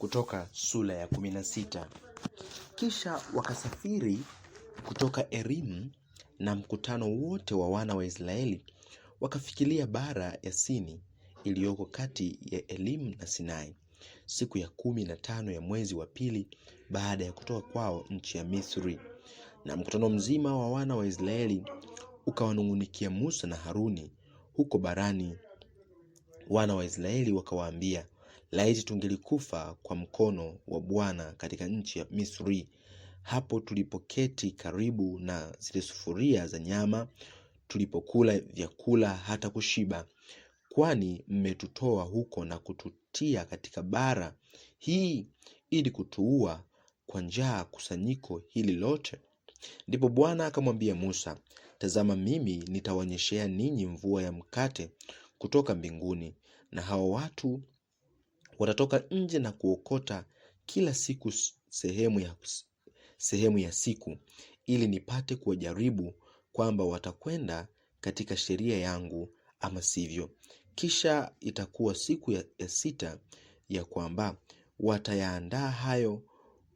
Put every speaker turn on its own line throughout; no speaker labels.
kutoka sura ya 16. Kisha wakasafiri kutoka Erimu na mkutano wote wa wana wa Israeli wakafikilia bara ya Sini iliyoko kati ya Elimu na Sinai siku ya kumi na tano ya mwezi wa pili baada ya kutoka kwao nchi ya Misri. Na mkutano mzima wa wana wa Israeli ukawanung'unikia Musa na Haruni huko barani. Wana wa Israeli wakawaambia, laiti tungelikufa kwa mkono wa Bwana katika nchi ya Misri, hapo tulipoketi karibu na zile sufuria za nyama, tulipokula vyakula hata kushiba, kwani mmetutoa huko na kututia katika bara hii ili kutuua kwa njaa kusanyiko hili lote. Ndipo Bwana akamwambia Musa, tazama, mimi nitawanyeshea ninyi mvua ya mkate kutoka mbinguni, na hao watu watatoka nje na kuokota kila siku sehemu ya, sehemu ya siku ili nipate kuwajaribu kwamba watakwenda katika sheria yangu ama sivyo. Kisha itakuwa siku ya, ya sita ya kwamba watayaandaa hayo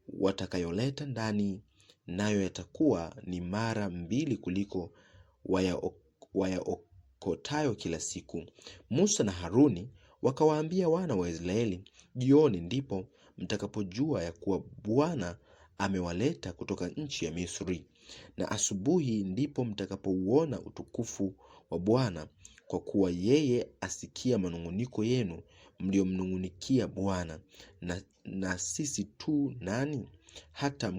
watakayoleta ndani, nayo yatakuwa ni mara mbili kuliko wayaokotayo waya kila siku. Musa na Haruni Wakawaambia wana wa Israeli, jioni ndipo mtakapojua ya kuwa Bwana amewaleta kutoka nchi ya Misri, na asubuhi ndipo mtakapouona utukufu wa Bwana, kwa kuwa yeye asikia manung'uniko yenu mliomnung'unikia Bwana. Na, na sisi tu nani hata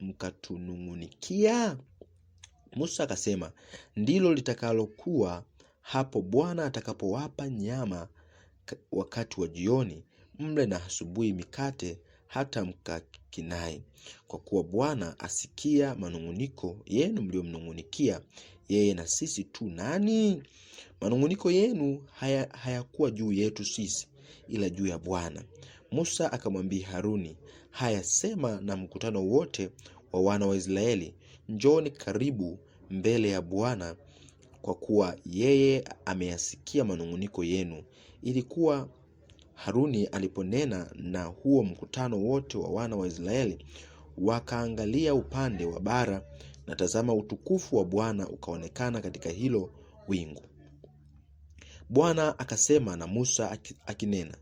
mkatunung'unikia? Musa akasema, ndilo litakalokuwa hapo Bwana atakapowapa nyama wakati wa jioni, mle na asubuhi mikate hata mkakinai, kwa kuwa Bwana asikia manung'uniko yenu mliyomnung'unikia yeye. Na sisi tu nani? Manung'uniko yenu hayakuwa haya juu yetu sisi, ila juu ya Bwana. Musa akamwambia Haruni, haya sema na mkutano wote wa wana wa Israeli, njooni karibu mbele ya Bwana kwa kuwa yeye ameyasikia manung'uniko yenu. Ilikuwa Haruni aliponena na huo mkutano wote wa wana wa Israeli, wakaangalia upande wa bara, na tazama, utukufu wa Bwana ukaonekana katika hilo wingu. Bwana akasema na Musa akinena,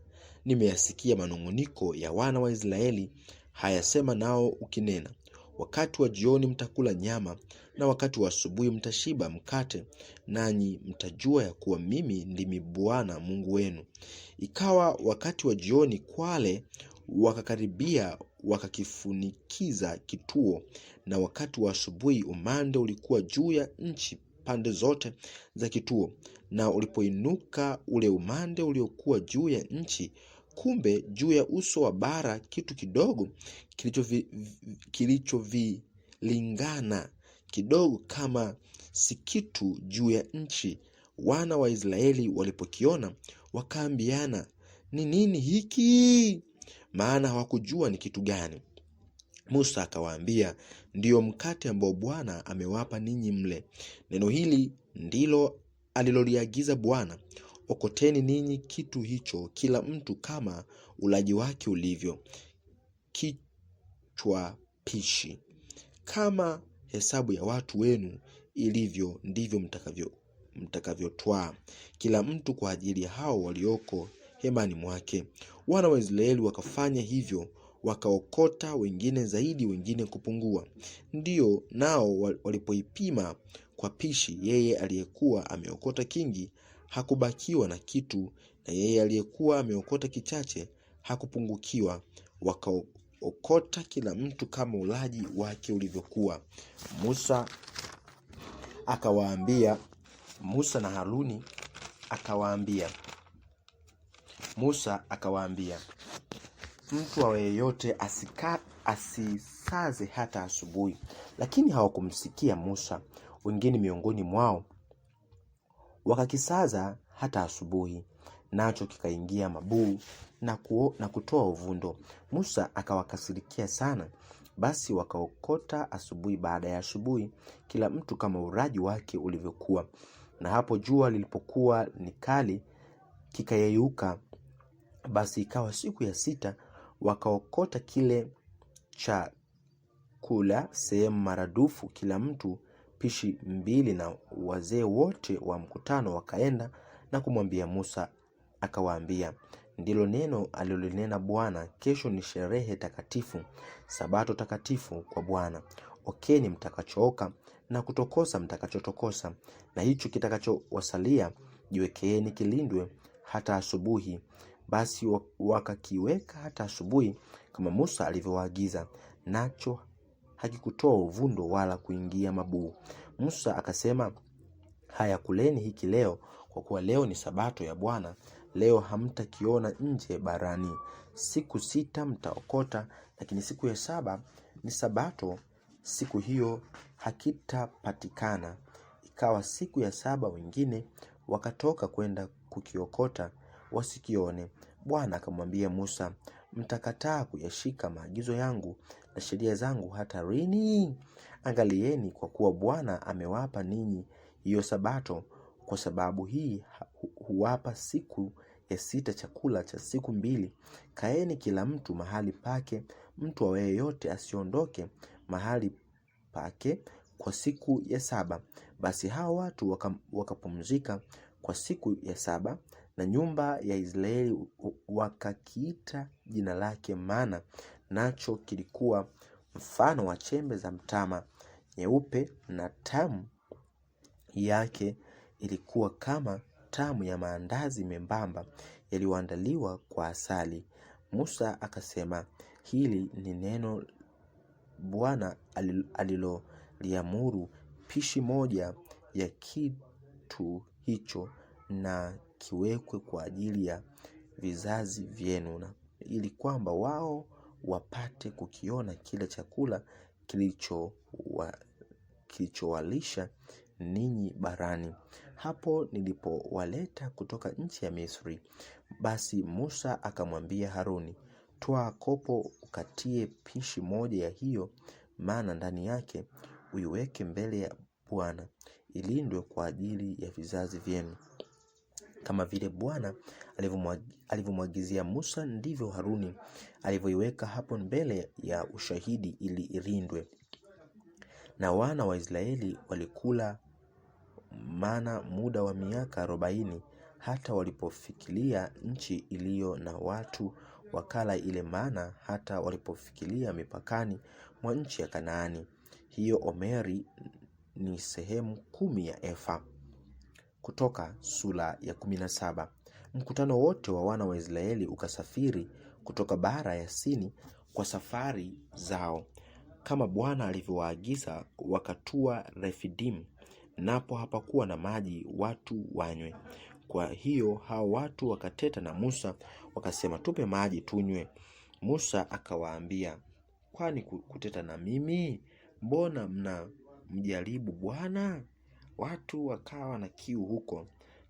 nimeyasikia manung'uniko ya wana wa Israeli, hayasema nao ukinena, Wakati wa jioni mtakula nyama, na wakati wa asubuhi mtashiba mkate, nanyi mtajua ya kuwa mimi ndimi Bwana Mungu wenu. Ikawa wakati wa jioni kwale wakakaribia, wakakifunikiza kituo, na wakati wa asubuhi umande ulikuwa juu ya nchi pande zote za kituo, na ulipoinuka ule umande uliokuwa juu ya nchi Kumbe juu ya uso wa bara kitu kidogo kilichovilingana kidogo kama si kitu juu ya nchi. Wana wa Israeli walipokiona wakaambiana, ni nini hiki? Maana hawakujua ni kitu gani. Musa akawaambia, ndiyo mkate ambao Bwana amewapa ninyi mle. Neno hili ndilo aliloliagiza Bwana Okoteni ninyi kitu hicho, kila mtu kama ulaji wake ulivyo. Kichwa pishi, kama hesabu ya watu wenu ilivyo, ndivyo mtakavyo mtakavyotwaa kila mtu kwa ajili ya hao walioko hemani mwake. Wana wa Israeli wakafanya hivyo, wakaokota wengine zaidi, wengine kupungua. Ndio nao walipoipima kwa pishi, yeye aliyekuwa ameokota kingi hakubakiwa na kitu, na yeye aliyekuwa ameokota kichache hakupungukiwa. Wakaokota kila mtu kama ulaji wake ulivyokuwa. Musa akawaambia Musa na Haruni akawaambia Musa akawaambia, mtu awa yeyote asika asisaze hata asubuhi. Lakini hawakumsikia Musa. Wengine miongoni mwao wakakisaza hata asubuhi, nacho kikaingia mabuu na, kuo, na kutoa uvundo. Musa akawakasirikia sana. Basi wakaokota asubuhi baada ya asubuhi, kila mtu kama uraji wake ulivyokuwa. Na hapo jua lilipokuwa ni kali, kikayeyuka. Basi ikawa siku ya sita, wakaokota kile cha kula sehemu maradufu, kila mtu pishi mbili na wazee wote wa mkutano wakaenda na kumwambia Musa, akawaambia, ndilo neno alilonena Bwana, kesho ni sherehe takatifu, sabato takatifu kwa Bwana. Okeni mtakachooka na kutokosa mtakachotokosa, na hicho kitakachowasalia jiwekeeni kilindwe hata asubuhi. Basi wakakiweka hata asubuhi, kama Musa alivyowaagiza, nacho hakikutoa uvundo wala kuingia mabuu. Musa akasema, haya kuleni hiki leo, kwa kuwa leo ni sabato ya Bwana, leo hamtakiona nje barani. Siku sita mtaokota, lakini siku ya saba ni sabato, siku hiyo hakitapatikana. Ikawa siku ya saba wengine wakatoka kwenda kukiokota wasikione. Bwana akamwambia Musa, mtakataa kuyashika maagizo yangu na sheria zangu hata lini? Angalieni, kwa kuwa Bwana amewapa ninyi hiyo Sabato. Kwa sababu hii huwapa siku ya sita chakula cha siku mbili. Kaeni kila mtu mahali pake, mtu awaye yote asiondoke mahali pake kwa siku ya saba. Basi hao watu waka, wakapumzika kwa siku ya saba, na nyumba ya Israeli wakakiita jina lake mana nacho kilikuwa mfano wa chembe za mtama nyeupe na tamu yake ilikuwa kama tamu ya maandazi membamba yaliyoandaliwa kwa asali. Musa akasema, hili ni neno Bwana aliloliamuru. Pishi moja ya kitu hicho na kiwekwe kwa ajili ya vizazi vyenu, ili kwamba wao wapate kukiona kile chakula kilichowalisha ninyi barani. Hapo nilipowaleta kutoka nchi ya Misri. Basi Musa akamwambia Haruni, twaa kopo ukatie pishi moja ya hiyo maana ndani yake, uiweke mbele ya Bwana, ilindwe kwa ajili ya vizazi vyenu. Kama vile Bwana alivyomwagizia Musa, ndivyo Haruni alivyoiweka hapo mbele ya ushahidi ili ilindwe. Na wana wa Israeli walikula mana muda wa miaka arobaini. Hata walipofikilia nchi iliyo na watu wakala ile mana, hata walipofikilia mipakani mwa nchi ya Kanaani. Hiyo omeri ni sehemu kumi ya efa. Kutoka sura ya 17. Mkutano wote wa wana wa Israeli ukasafiri kutoka bara ya Sini kwa safari zao kama Bwana alivyowaagiza, wakatua Refidim, napo hapakuwa na maji watu wanywe. Kwa hiyo hao watu wakateta na Musa wakasema, tupe maji tunywe. Musa akawaambia, kwani kuteta na mimi? Mbona mnamjaribu Bwana? Watu wakawa na kiu huko,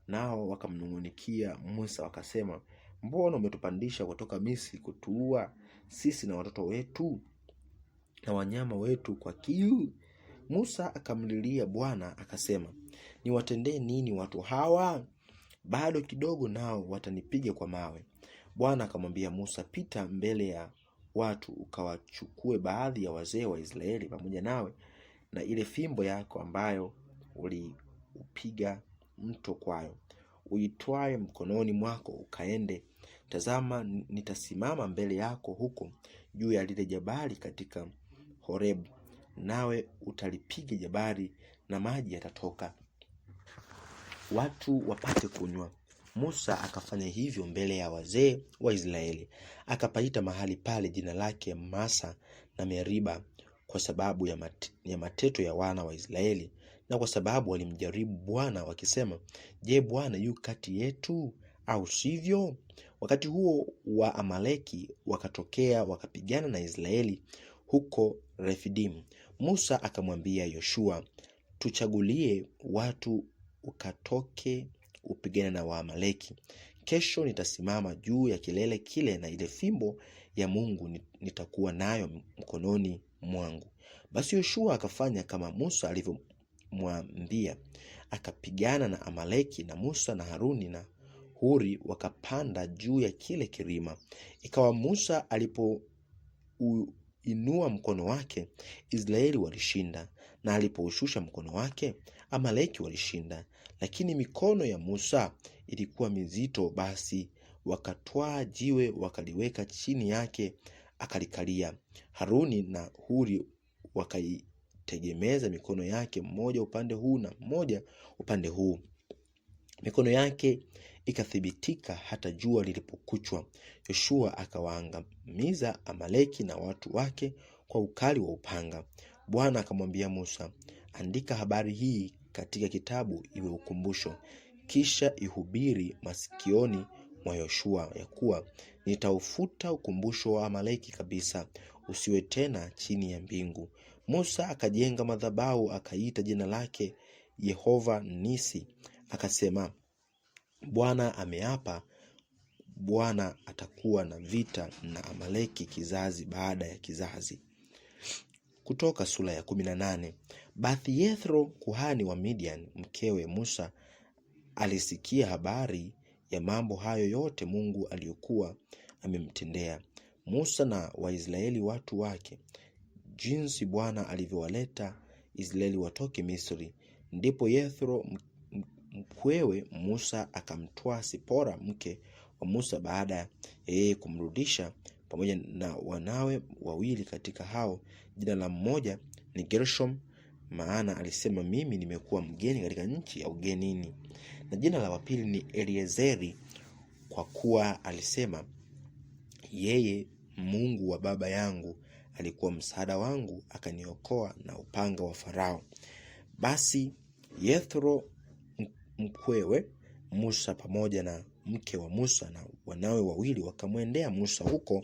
nao wakamnung'unikia Musa wakasema, mbona umetupandisha kutoka Misri kutuua sisi na watoto wetu na wanyama wetu kwa kiu? Musa akamlilia Bwana akasema, niwatendee nini watu hawa? Bado kidogo nao watanipiga kwa mawe. Bwana akamwambia Musa, pita mbele ya watu ukawachukue baadhi ya wazee wa Israeli pamoja nawe na ile fimbo yako ambayo uliupiga mto kwayo, uitwae mkononi mwako ukaende. Tazama, nitasimama mbele yako huko juu ya lile jabali katika Horebu, nawe utalipiga jabali na maji yatatoka, watu wapate kunywa. Musa akafanya hivyo mbele ya wazee wa Israeli, akapaita mahali pale jina lake Masa na Meriba, kwa sababu ya, ya mateto ya wana wa Israeli na kwa sababu walimjaribu Bwana wakisema, Je, Bwana yu kati yetu au sivyo? Wakati huo wa Amaleki wakatokea wakapigana na Israeli huko Refidim. Musa akamwambia Yoshua, tuchagulie watu ukatoke upigane na Waamaleki. Kesho nitasimama juu ya kilele kile, na ile fimbo ya Mungu nitakuwa nayo mkononi mwangu. Basi Yoshua akafanya kama Musa alivyo kumwambia. Akapigana na Amaleki na Musa na Haruni na Huri wakapanda juu ya kile kilima. Ikawa Musa alipouinua mkono wake, Israeli walishinda, na alipoushusha mkono wake, Amaleki walishinda. Lakini mikono ya Musa ilikuwa mizito, basi wakatwaa jiwe wakaliweka chini yake, akalikalia. Haruni na Huri wakai tegemeza mikono yake mmoja upande huu na mmoja upande huu. Mikono yake ikathibitika hata jua lilipokuchwa. Yoshua akawaangamiza Amaleki na watu wake kwa ukali wa upanga. Bwana akamwambia Musa, andika habari hii katika kitabu iwe ukumbusho, kisha ihubiri masikioni mwa Yoshua ya kuwa nitaufuta ukumbusho wa Amaleki kabisa, usiwe tena chini ya mbingu. Musa akajenga madhabahu akaita jina lake Yehova Nisi, akasema, Bwana ameapa, Bwana atakuwa na vita na Amaleki kizazi baada ya kizazi. Kutoka sura ya 18. Basi Yethro kuhani wa Midian, mkewe Musa, alisikia habari ya mambo hayo yote Mungu aliyokuwa amemtendea Musa na Waisraeli watu wake, jinsi Bwana alivyowaleta Israeli watoke Misri. Ndipo Yethro mkwewe Musa akamtwaa Sipora mke wa Musa baada ya yeye kumrudisha pamoja na wanawe wawili katika hao, jina la mmoja ni Gershom, maana alisema mimi nimekuwa mgeni katika nchi ya ugenini, na jina la pili ni Eliezeri, kwa kuwa alisema yeye Mungu wa baba yangu alikuwa msaada wangu, akaniokoa na upanga wa Farao. Basi Yethro mkwewe Musa pamoja na mke wa Musa na wanawe wawili wakamwendea Musa huko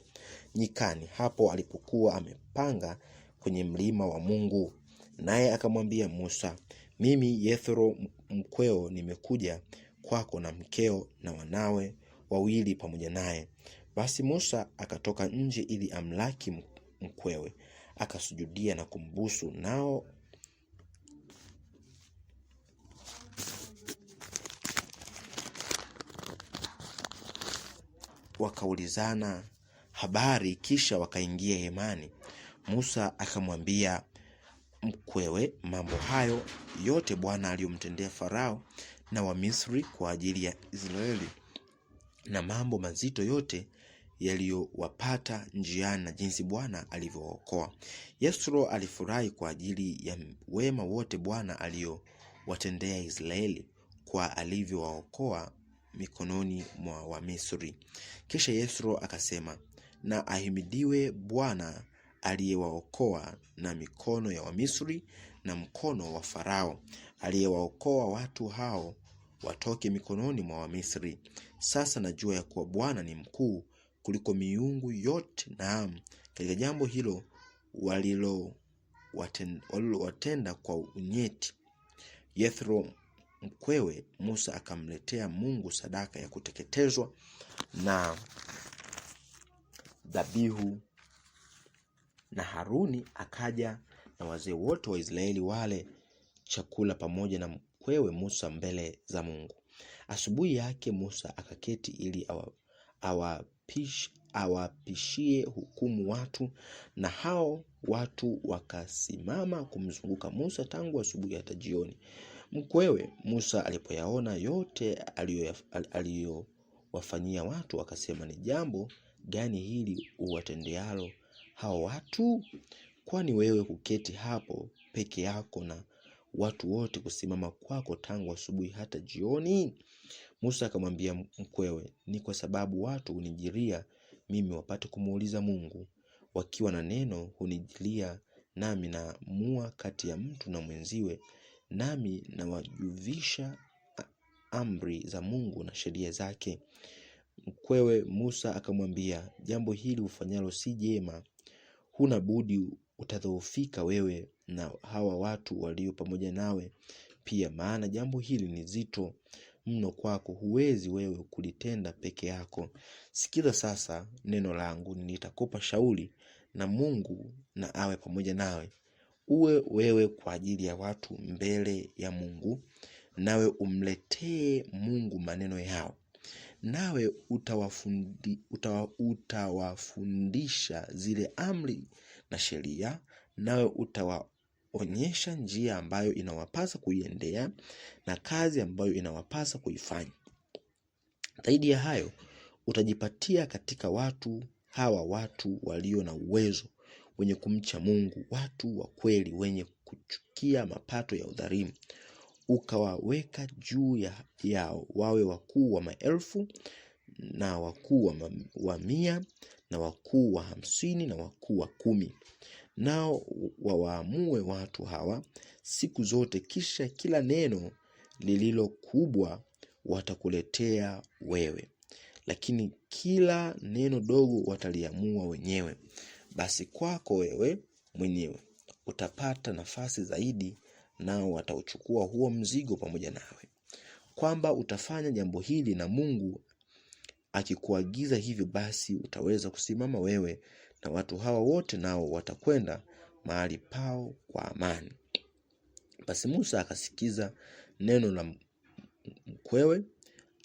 nyikani, hapo alipokuwa amepanga kwenye mlima wa Mungu. Naye akamwambia Musa, mimi Yethro mkweo nimekuja kwako na mkeo na wanawe wawili pamoja naye. Basi Musa akatoka nje ili amlaki mkwewe, akasujudia na kumbusu, nao wakaulizana habari, kisha wakaingia hemani. Musa akamwambia mkwewe mambo hayo yote Bwana aliyomtendea Farao na Wamisri kwa ajili ya Israeli na mambo mazito yote yaliyowapata njiani na jinsi Bwana alivyookoa. yesro alifurahi kwa ajili ya wema wote Bwana aliyowatendea Israeli kwa alivyowaokoa mikononi mwa Wamisri. Kisha yesro akasema, na ahimidiwe Bwana aliyewaokoa na mikono ya Wamisri na mkono wa Farao, aliyewaokoa watu hao watoke mikononi mwa Wamisri. Sasa najua ya kuwa Bwana ni mkuu kuliko miungu yote. Naam, katika jambo hilo walilowatenda kwa unyeti. Yethro mkwewe Musa akamletea Mungu sadaka ya kuteketezwa na dhabihu, na Haruni akaja na wazee wote wa Israeli wale chakula pamoja na mkwewe Musa mbele za Mungu. Asubuhi yake Musa akaketi ili awa, awa awapishie hukumu watu, na hao watu wakasimama kumzunguka Musa tangu asubuhi hata jioni. Mkwewe Musa alipoyaona yote aliyowafanyia watu, akasema, ni jambo gani hili uwatendealo hao watu? Kwani wewe kuketi hapo peke yako na watu wote kusimama kwako tangu asubuhi hata jioni? Musa akamwambia mkwewe, ni kwa sababu watu hunijiria mimi wapate kumuuliza Mungu, wakiwa na neno hunijilia, nami naamua kati ya mtu na mwenziwe, nami nawajuvisha amri za Mungu na sheria zake. Mkwewe Musa akamwambia, jambo hili ufanyalo si jema, huna budi utadhoofika wewe na hawa watu walio pamoja nawe pia, maana jambo hili ni zito mno kwako, huwezi wewe kulitenda peke yako. Sikiza sasa neno langu, nitakupa shauri, na Mungu na awe pamoja nawe. Uwe wewe kwa ajili ya watu mbele ya Mungu, nawe umletee Mungu maneno yao, nawe utawafundi, utawa, utawafundisha zile amri na sheria, nawe utawa onyesha njia ambayo inawapasa kuiendea na kazi ambayo inawapasa kuifanya. Zaidi ya hayo, utajipatia katika watu hawa watu walio na uwezo, wenye kumcha Mungu, watu wa kweli, wenye kuchukia mapato ya udhalimu, ukawaweka juu ya, yao wawe wakuu wa maelfu na wakuu wa, wa mia na wakuu wa hamsini na wakuu wa kumi nao wawaamue watu hawa siku zote, kisha kila neno lililo kubwa watakuletea wewe, lakini kila neno dogo wataliamua wenyewe. Basi kwako wewe mwenyewe utapata nafasi zaidi, nao watauchukua huo mzigo pamoja nawe, kwamba utafanya jambo hili, na Mungu akikuagiza hivyo, basi utaweza kusimama wewe na watu hawa wote nao watakwenda mahali pao kwa amani. Basi Musa akasikiza neno la mkwewe,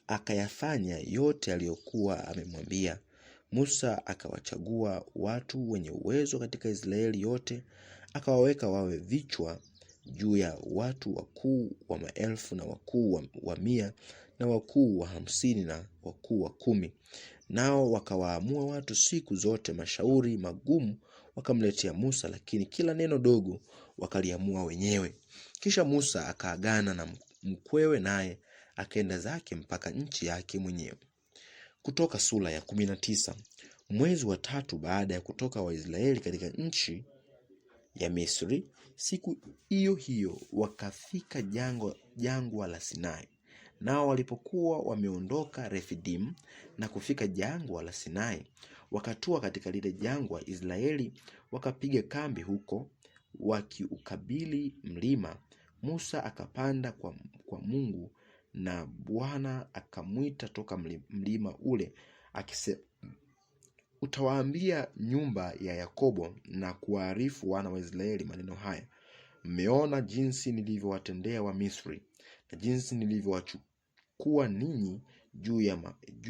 akayafanya yote aliyokuwa amemwambia. Musa akawachagua watu wenye uwezo katika Israeli yote, akawaweka wawe vichwa juu ya watu wakuu wa maelfu na wakuu wa mia na wakuu wa hamsini na wakuu wa kumi. Nao wakawaamua watu siku zote mashauri magumu wakamletea Musa, lakini kila neno dogo wakaliamua wenyewe. Kisha Musa akaagana na mkwewe, naye akaenda zake mpaka nchi yake mwenyewe. Kutoka sura ya kumi na tisa. Mwezi wa tatu baada ya kutoka Waisraeli katika nchi ya Misri, siku hiyo hiyo wakafika jangwa, jangwa la Sinai. Nao walipokuwa wameondoka Refidim na kufika jangwa la Sinai, wakatua katika lile jangwa, Israeli wakapiga kambi huko, wakiukabili mlima. Musa akapanda kwa, kwa Mungu na Bwana akamwita toka mlima ule akisema, utawaambia nyumba ya Yakobo na kuwaarifu wana wa Israeli maneno haya, mmeona jinsi nilivyowatendea Wamisri na jinsi nilivyowachukua kuwa ninyi juu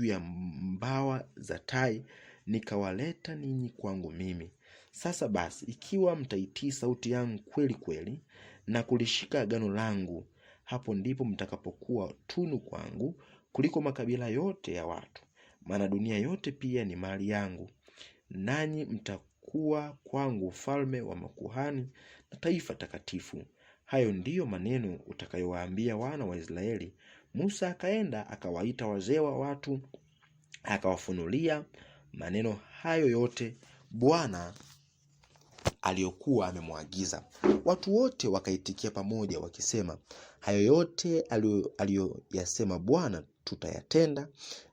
ya mbawa za tai, nikawaleta ninyi kwangu mimi. Sasa basi, ikiwa mtaitii sauti yangu kweli kweli, na kulishika agano langu, hapo ndipo mtakapokuwa tunu kwangu kuliko makabila yote ya watu, maana dunia yote pia ni mali yangu. Nanyi mtakuwa kwangu ufalme wa makuhani na taifa takatifu. Hayo ndiyo maneno utakayowaambia wana wa Israeli Musa akaenda akawaita wazee wa watu, akawafunulia maneno hayo yote Bwana aliyokuwa amemwagiza. Watu wote wakaitikia pamoja wakisema, hayo yote aliyoyasema Bwana tutayatenda.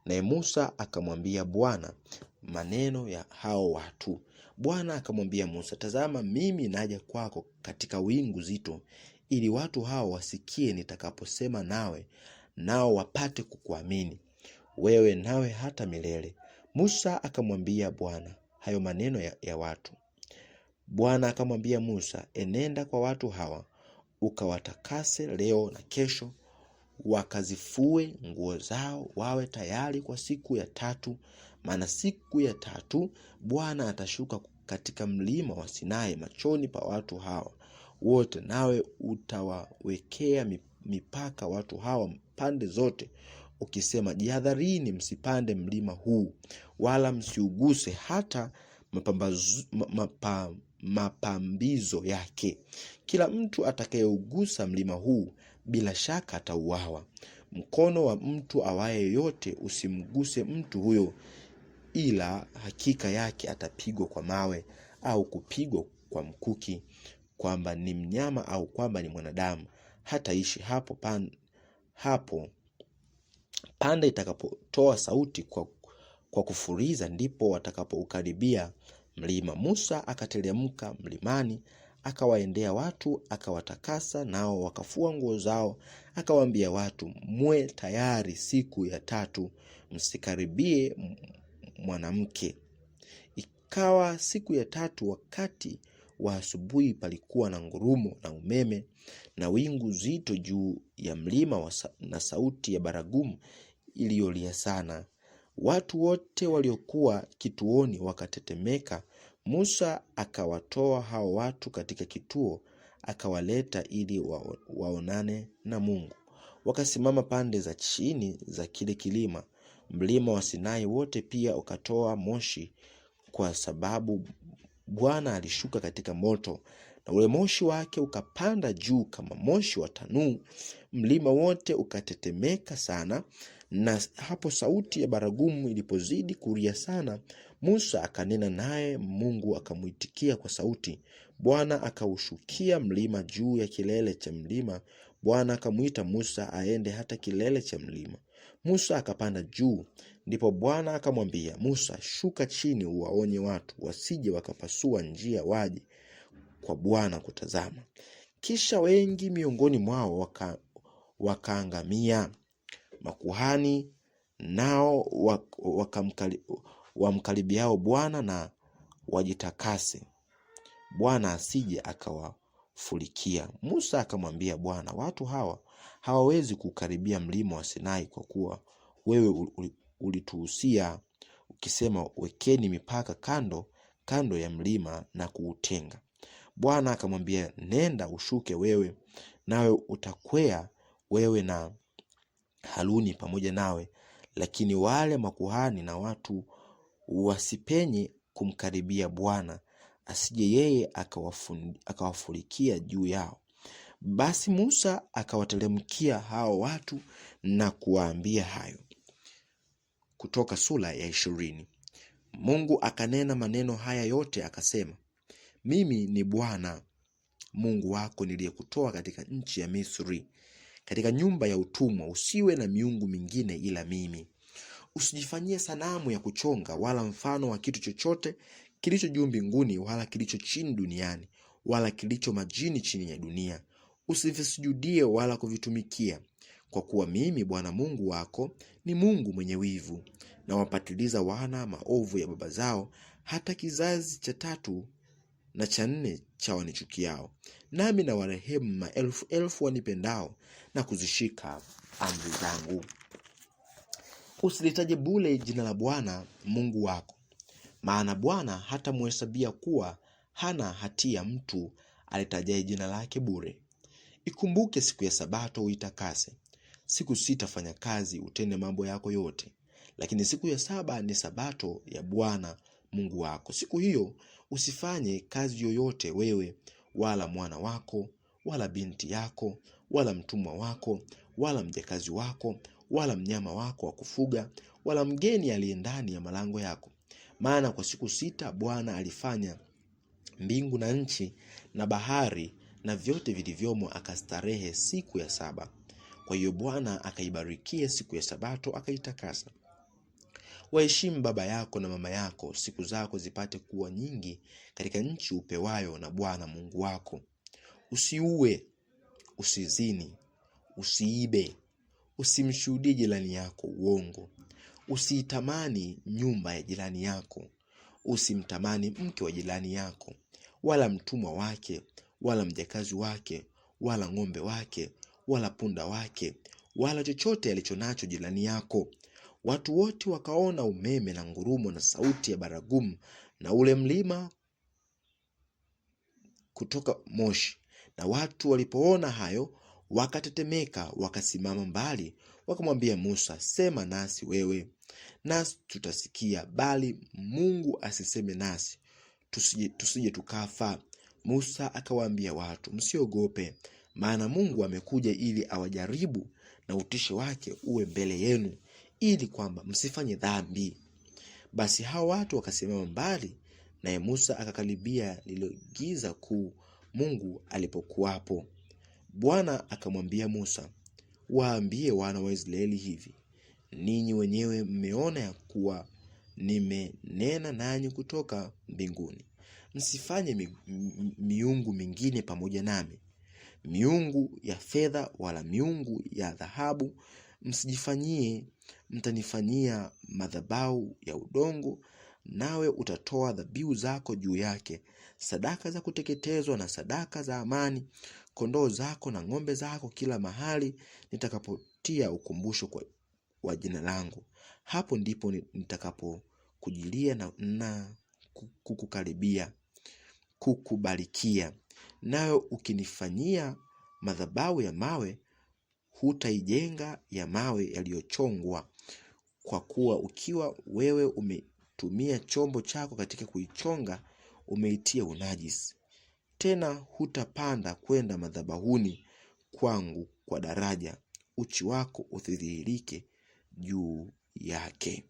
Naye Musa akamwambia Bwana maneno ya hao watu. Bwana akamwambia Musa, tazama, mimi naja kwako katika wingu zito, ili watu hao wasikie nitakaposema nawe nao wapate kukuamini wewe nawe hata milele. Musa akamwambia Bwana hayo maneno ya, ya watu. Bwana akamwambia Musa, enenda kwa watu hawa ukawatakase leo na kesho, wakazifue nguo zao, wawe tayari kwa siku ya tatu, maana siku ya tatu Bwana atashuka katika mlima wa Sinai machoni pa watu hawa wote, nawe utawawekea mipaka mipaka watu hawa pande zote, ukisema jihadharini, msipande mlima huu, wala msiuguse hata mapa, mapambizo yake. Kila mtu atakayeugusa mlima huu bila shaka atauawa. Mkono wa mtu awaye yote usimguse mtu huyo, ila hakika yake atapigwa kwa mawe au kupigwa kwa mkuki, kwamba ni mnyama au kwamba ni mwanadamu hataishi hapo, pan, hapo panda itakapotoa sauti kwa, kwa kufuriza ndipo watakapoukaribia mlima. Musa akateremka mlimani akawaendea watu akawatakasa, nao wakafua nguo zao. Akawaambia watu, mwe tayari siku ya tatu, msikaribie mwanamke. Ikawa siku ya tatu wakati wa asubuhi palikuwa na ngurumo na umeme na wingu zito juu ya mlima na sauti ya baragumu iliyolia sana. Watu wote waliokuwa kituoni wakatetemeka. Musa akawatoa hao watu katika kituo, akawaleta ili wa, waonane na Mungu. Wakasimama pande za chini za kile kilima. Mlima wa Sinai wote pia ukatoa moshi kwa sababu Bwana alishuka katika moto, na ule moshi wake ukapanda juu kama moshi wa tanuu. Mlima wote ukatetemeka sana, na hapo sauti ya baragumu ilipozidi kulia sana, Musa akanena naye, Mungu akamwitikia kwa sauti. Bwana akaushukia mlima juu ya kilele cha mlima. Bwana akamwita Musa aende hata kilele cha mlima. Musa akapanda juu, Ndipo Bwana akamwambia Musa, shuka chini uwaonye watu wasije wakapasua njia waje kwa Bwana kutazama. Kisha wengi miongoni mwao waka, wakaangamia. Makuhani nao wamkaribiao Bwana na wajitakase, Bwana asije akawafurikia. Musa akamwambia Bwana, watu hawa hawawezi kukaribia mlima wa Sinai kwa kuwa wewe ulituhusia ukisema, wekeni mipaka kando kando ya mlima na kuutenga. Bwana akamwambia, nenda ushuke wewe, nawe utakwea wewe na Haruni pamoja nawe, lakini wale makuhani na watu wasipenye kumkaribia Bwana, asije yeye akawafurikia juu yao. Basi Musa akawateremkia hao watu na kuwaambia hayo kutoka sura ya ishirini. Mungu akanena maneno haya yote akasema, mimi ni Bwana Mungu wako niliyekutoa katika nchi ya Misri, katika nyumba ya utumwa. Usiwe na miungu mingine ila mimi. Usijifanyie sanamu ya kuchonga wala mfano wa kitu chochote kilicho juu mbinguni wala kilicho chini duniani wala kilicho majini chini ya dunia. Usivisujudie wala kuvitumikia kwa kuwa mimi Bwana Mungu wako ni Mungu mwenye wivu, na wapatiliza wana maovu ya baba zao, hata kizazi cha tatu na cha nne cha wanichukiao, nami na warehemu maelfu elfu wanipendao na kuzishika amri zangu. Usilitaje bule jina la Bwana Mungu wako, maana Bwana hatamuhesabia kuwa hana hatia mtu alitajaye jina lake bure. Ikumbuke siku ya Sabato uitakase, Siku sita fanya kazi, utende mambo yako yote, lakini siku ya saba ni sabato ya Bwana Mungu wako. Siku hiyo usifanye kazi yoyote wewe, wala mwana wako, wala binti yako, wala mtumwa wako, wala mjakazi wako, wala mnyama wako wa kufuga, wala mgeni aliye ndani ya malango yako. Maana kwa siku sita Bwana alifanya mbingu na nchi na bahari na vyote vilivyomo, akastarehe siku ya saba. Kwa hiyo Bwana akaibarikia siku ya Sabato akaitakasa. Waheshimu baba yako na mama yako, siku zako zipate kuwa nyingi katika nchi upewayo na Bwana Mungu wako. Usiue, usizini, usiibe, usimshuhudie jirani yako uongo, usiitamani nyumba ya jirani yako, usimtamani mke wa jirani yako, wala mtumwa wake, wala mjakazi wake, wala ng'ombe wake, wala punda wake wala chochote alicho nacho jirani yako. Watu wote wakaona umeme na ngurumo na sauti ya baragumu na ule mlima kutoka moshi. Na watu walipoona hayo wakatetemeka, wakasimama mbali, wakamwambia Musa, sema nasi wewe, nasi tutasikia, bali Mungu asiseme nasi, tusije tukafa. Musa akawaambia watu, msiogope, maana Mungu amekuja ili awajaribu na utisho wake uwe mbele yenu, ili kwamba msifanye dhambi. Basi hao watu wakasimama mbali, naye Musa akakaribia lilo giza kuu Mungu alipokuwapo. Bwana akamwambia Musa, waambie wana wa Israeli hivi, ninyi wenyewe mmeona ya kuwa nimenena nanyi kutoka mbinguni. Msifanye miungu mingine pamoja nami, miungu ya fedha wala miungu ya dhahabu msijifanyie, mtanifanyia madhabau ya udongo, nawe utatoa dhabihu zako juu yake, sadaka za kuteketezwa na sadaka za amani, kondoo zako na ng'ombe zako, kila mahali nitakapotia ukumbusho kwa, wa jina langu. Hapo ndipo nitakapokujilia na, na kukukaribia kukubarikia nayo ukinifanyia madhabahu ya mawe, hutaijenga ya mawe yaliyochongwa, kwa kuwa ukiwa wewe umetumia chombo chako katika kuichonga, umeitia unajisi. Tena hutapanda kwenda madhabahuni kwangu kwa daraja, uchi wako usidhihirike juu yake.